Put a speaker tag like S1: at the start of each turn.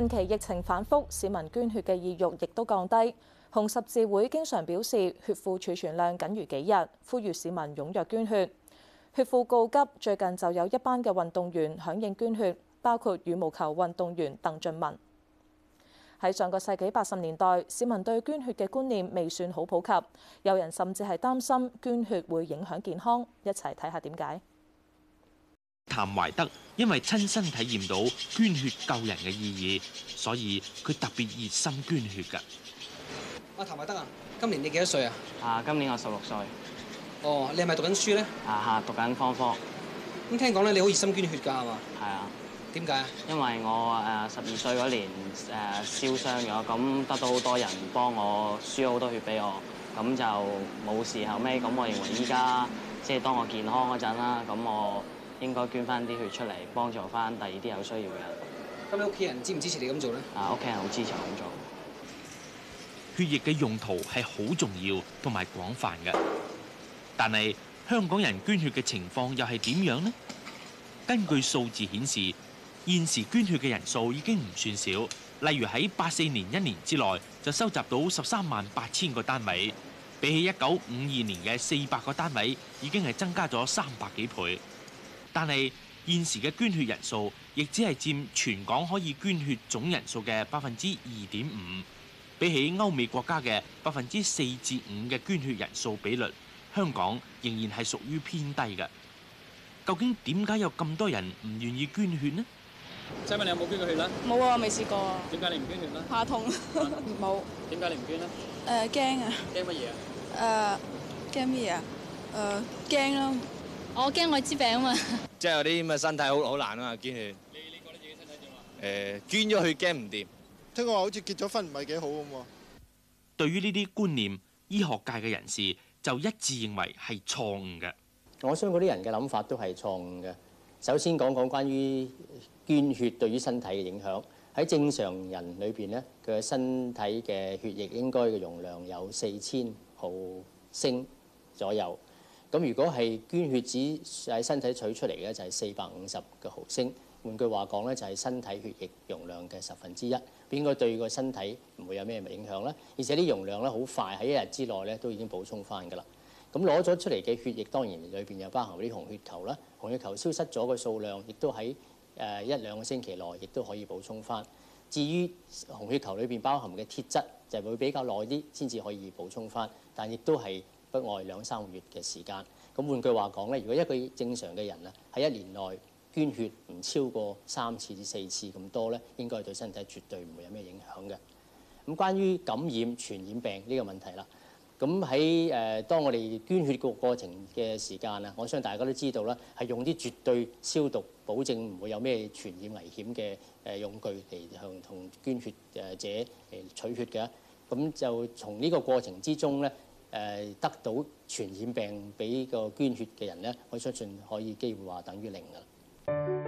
S1: 近期疫情反覆，市民捐血嘅意欲亦都降低。紅十字會經常表示血庫儲存量僅餘幾日，呼籲市民踴躍捐血。血庫告急，最近就有一班嘅運動員響應捐血，包括羽毛球運動員鄧俊文。喺上個世紀八十年代，市民對捐血嘅觀念未算好普及，有人甚至係擔心捐血會影響健康。一齊睇下點解。
S2: 譚懷德因為親身體驗到捐血救人嘅意義，所以佢特別熱心捐血噶。
S1: 阿譚懷德啊，
S2: 今年你幾多歲啊？啊，今年我十六歲。哦，你係咪讀緊書咧？啊哈，
S3: 讀緊科科。
S2: 咁聽講咧，你好熱心捐血噶係嘛？係啊。
S3: 點解？因為我誒十二歲嗰年誒燒傷咗，咁得到好多人幫我輸咗好多血俾我，咁就冇事後尾，咁我認為依家即係當我健康嗰陣啦，咁我。應該捐翻啲血出嚟，幫助翻第二啲有需要嘅人。咁你屋企人支唔支持你咁做呢？啊，屋企人好支持我咁做。血
S2: 液嘅用途係好重要同埋廣泛嘅，但係香港人捐血嘅情況又係點樣呢？根據數字顯示，現時捐血嘅人數已經唔算少。例如喺八四年一年之內就收集到十三萬八千個單位，比起一九五二年嘅四百個單位，已經係增加咗三百幾倍。但係現時嘅捐血人數，亦只係佔全港可以捐血總人數嘅百分之二點五，比起歐美國家嘅百分之四至五嘅捐血人數比率，香港仍然係屬於偏低嘅。究竟點解有咁多人唔願意捐血呢？
S1: 請問你有冇
S3: 捐
S1: 過血呢？冇啊，未試過啊。點
S3: 解你唔捐
S1: 血呢？怕痛，冇。點解你唔捐呢？誒，驚啊！驚乜嘢啊？誒，驚乜嘢？誒，驚、呃、咯。我驚我支病啊嘛！
S2: 即係有啲咁嘅身體好好難啊嘛，捐血。你你覺得自己身體點啊？誒，捐咗去驚唔掂？
S3: 聽講話好似結咗婚唔
S1: 係幾好咁喎。
S2: 對於呢啲觀念，醫學界嘅人士就一致認為係錯誤嘅。
S3: 我相信嗰啲人嘅諗法都係錯誤嘅。首先講講關於捐血對於身體嘅影響。喺正常人裏邊咧，佢嘅身體嘅血液應該嘅容量有四千毫升左右。咁如果係捐血子喺身體取出嚟嘅，就係四百五十嘅毫升。換句話講咧，就係身體血液容量嘅十分之一，應該對個身體唔會有咩影響啦。而且啲容量咧好快喺一日之內咧都已經補充翻㗎啦。咁攞咗出嚟嘅血液當然裏邊又包含啲紅血球啦，紅血球消失咗嘅數量亦都喺誒一兩個星期內，亦都可以補充翻。至於紅血球裏邊包含嘅鐵質，就會比較耐啲先至可以補充翻，但亦都係。不外兩三個月嘅時間。咁換句話講咧，如果一個正常嘅人咧，喺一年內捐血唔超過三次至四次咁多咧，應該係對身體絕對唔會有咩影響嘅。咁關於感染傳染病呢個問題啦，咁喺誒當我哋捐血個過程嘅時間啊，我相信大家都知道啦，係用啲絕對消毒，保證唔會有咩傳染危險嘅誒用具嚟向同捐血誒者，呃，取血嘅。咁就從呢個過程之中咧。誒，得到傳染病俾個捐血嘅人咧，我相信可以機會話等於零噶啦。